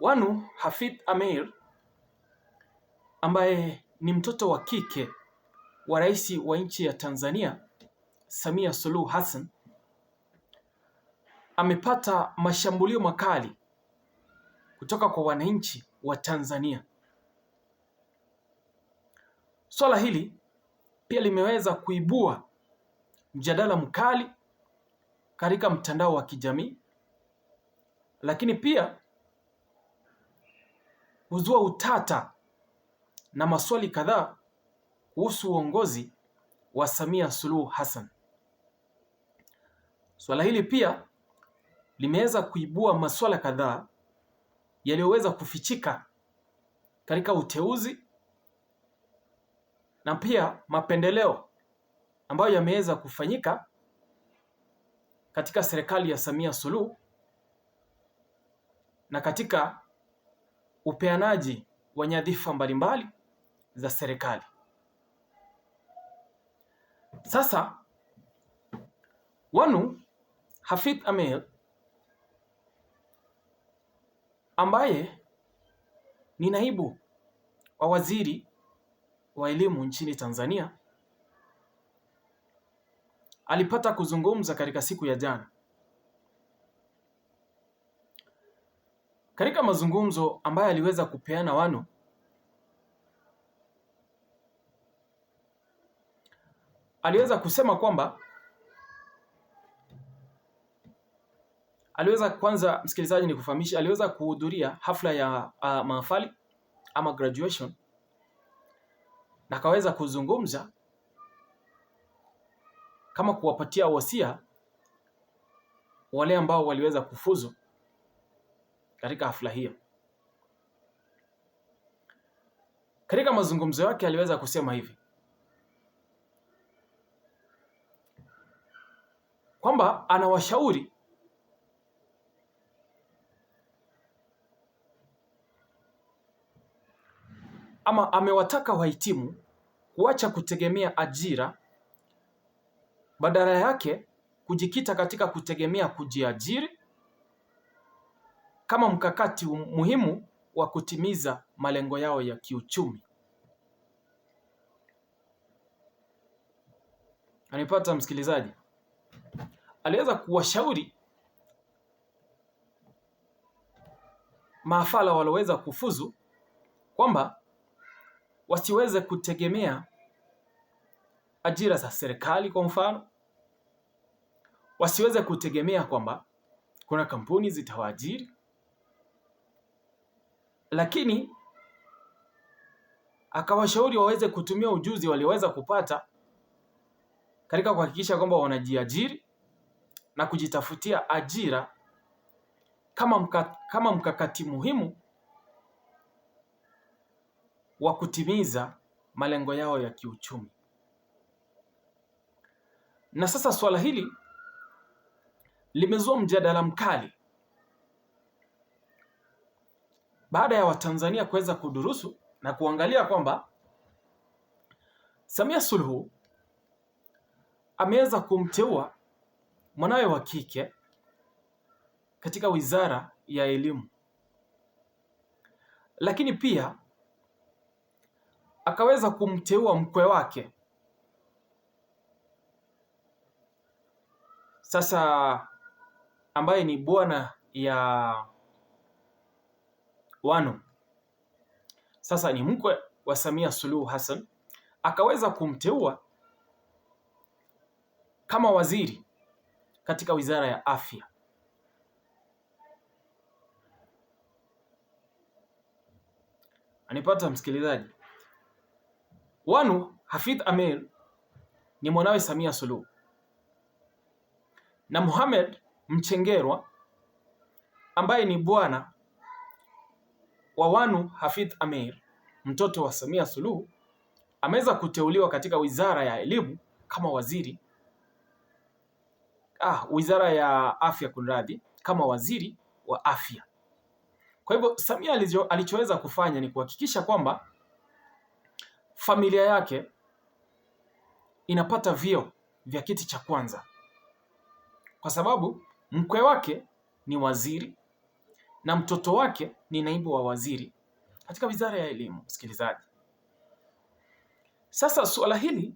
Wanu Hafidh Ameir ambaye ni mtoto wa kike wa rais wa nchi ya Tanzania Samia Suluhu Hassan amepata mashambulio makali kutoka kwa wananchi wa Tanzania. Swala hili pia limeweza kuibua mjadala mkali katika mtandao wa kijamii, lakini pia huzua utata na maswali kadhaa kuhusu uongozi wa Samia Suluhu Hassan. Swala hili pia limeweza kuibua maswala kadhaa yaliyoweza kufichika katika uteuzi na pia mapendeleo ambayo yameweza kufanyika katika serikali ya Samia Suluhu na katika upeanaji wa nyadhifa mbalimbali za serikali. Sasa Wanu Hafidh Ameir ambaye ni naibu wa waziri wa elimu nchini Tanzania alipata kuzungumza katika siku ya jana Katika mazungumzo ambayo aliweza kupeana Wanu, aliweza kusema kwamba aliweza kwanza, msikilizaji, ni kufahamisha, aliweza kuhudhuria hafla ya uh, mahafali ama graduation na akaweza kuzungumza kama kuwapatia wasia wale ambao waliweza kufuzu katika hafla hiyo. Katika mazungumzo yake aliweza kusema hivi kwamba anawashauri ama amewataka wahitimu kuacha kutegemea ajira, badala yake kujikita katika kutegemea kujiajiri kama mkakati muhimu wa kutimiza malengo yao ya kiuchumi. Anipata msikilizaji? Aliweza kuwashauri maafala waloweza kufuzu kwamba wasiweze kutegemea ajira za serikali kwa mfano, wasiweze kutegemea kwamba kuna kampuni zitawaajiri, lakini akawashauri waweze kutumia ujuzi walioweza kupata katika kuhakikisha kwamba wanajiajiri na kujitafutia ajira kama, mka, kama mkakati muhimu wa kutimiza malengo yao ya kiuchumi. Na sasa suala hili limezua mjadala mkali baada ya Watanzania kuweza kudurusu na kuangalia kwamba Samia Suluhu ameweza kumteua mwanawe wa kike katika wizara ya elimu, lakini pia akaweza kumteua mkwe wake. Sasa ambaye ni bwana ya wano. Sasa ni mkwe wa Samia Suluhu Hassan akaweza kumteua kama waziri katika wizara ya afya. Anipata msikilizaji? Wanu Hafidh amir ni mwanawe Samia Suluhu na Muhammad Mchengerwa ambaye ni bwana Wawanu Hafidh Ameir, mtoto wa Samia Suluhu, ameweza kuteuliwa katika Wizara ya Elimu kama waziri ah, Wizara ya Afya kunradhi, kama waziri wa afya. Kwa hivyo Samia alichoweza kufanya ni kuhakikisha kwamba familia yake inapata vyeo vya kiti cha kwanza kwa sababu mkwe wake ni waziri na mtoto wake ni naibu wa waziri katika wizara ya elimu. Msikilizaji, sasa suala hili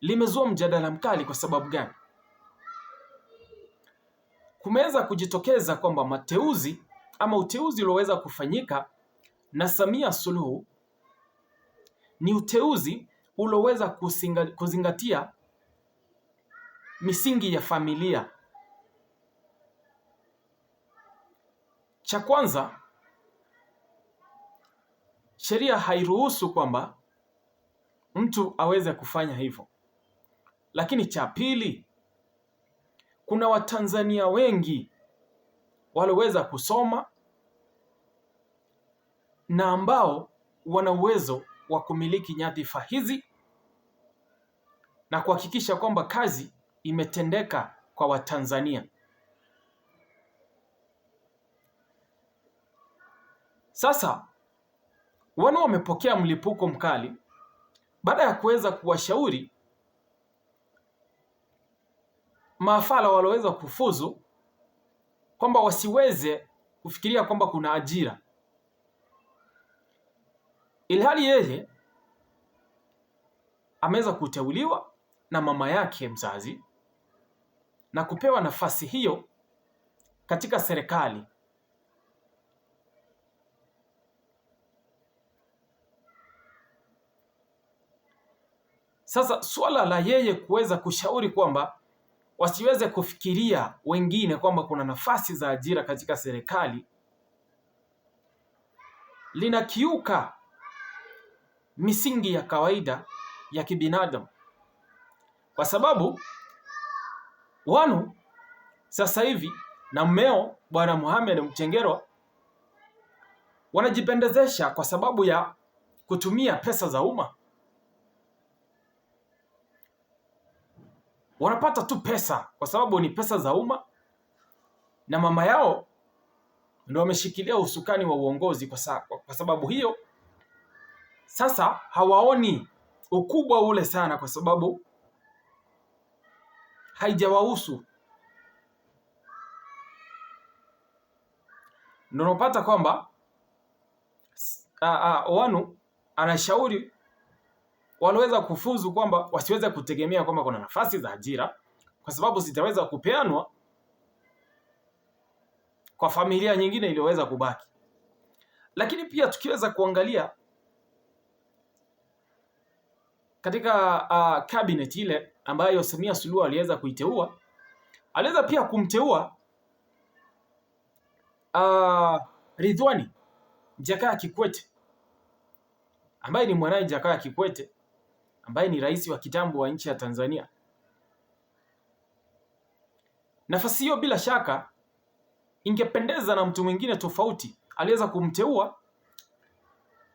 limezua mjadala mkali. Kwa sababu gani? Kumeweza kujitokeza kwamba mateuzi ama uteuzi ulioweza kufanyika na Samia Suluhu ni uteuzi ulioweza kuzingatia misingi ya familia Cha kwanza, sheria hairuhusu kwamba mtu aweze kufanya hivyo. Lakini cha pili, kuna Watanzania wengi walioweza kusoma na ambao wana uwezo wa kumiliki nyadhifa hizi na kuhakikisha kwamba kazi imetendeka kwa Watanzania. Sasa wana wamepokea mlipuko mkali baada ya kuweza kuwashauri maafala waloweza kufuzu kwamba wasiweze kufikiria kwamba kuna ajira, ilhali yeye ameweza kuteuliwa na mama yake mzazi na kupewa nafasi hiyo katika serikali. Sasa swala la yeye kuweza kushauri kwamba wasiweze kufikiria wengine kwamba kuna nafasi za ajira katika serikali linakiuka misingi ya kawaida ya kibinadamu, kwa sababu wanu sasa hivi na mmeo Bwana Mohamed Mchengerwa wanajipendezesha kwa sababu ya kutumia pesa za umma wanapata tu pesa kwa sababu ni pesa za umma, na mama yao ndio wameshikilia usukani wa uongozi. Kwa sababu hiyo sasa hawaoni ukubwa ule sana, kwa sababu haijawahusu. Ndio unapata kwamba wanu anashauri wanaweza kufuzu kwamba wasiweze kutegemea kwamba kuna nafasi za ajira, kwa sababu zitaweza kupeanwa kwa familia nyingine iliyoweza kubaki. Lakini pia tukiweza kuangalia katika uh, cabinet ile ambayo Samia Suluhu aliweza kuiteua, aliweza pia kumteua uh, Ridhiwani Jakaya Kikwete ambaye ni mwanaye Jakaya Kikwete ambaye ni rais wa kitambo wa nchi ya Tanzania. Nafasi hiyo bila shaka ingependeza na mtu mwingine tofauti aliweza kumteua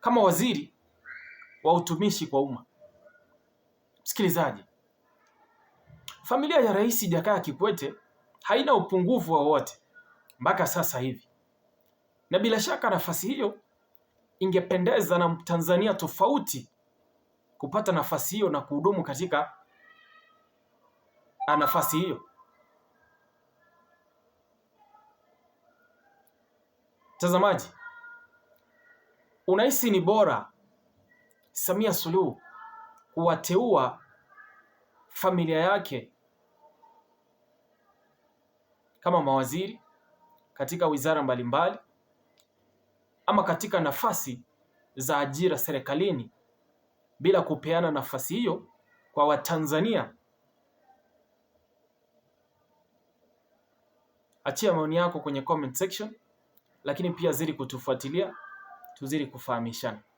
kama waziri wa utumishi kwa umma. Msikilizaji, familia ya Rais Jakaya Kikwete haina upungufu wowote mpaka sasa hivi, na bila shaka nafasi hiyo ingependeza na Mtanzania tofauti kupata nafasi hiyo na kuhudumu katika ah, nafasi hiyo. Mtazamaji, unahisi ni bora Samia Suluhu kuwateua familia yake kama mawaziri katika wizara mbalimbali ama katika nafasi za ajira serikalini? bila kupeana nafasi hiyo kwa Watanzania. Achia maoni yako kwenye comment section, lakini pia zidi kutufuatilia, tuzidi kufahamishana.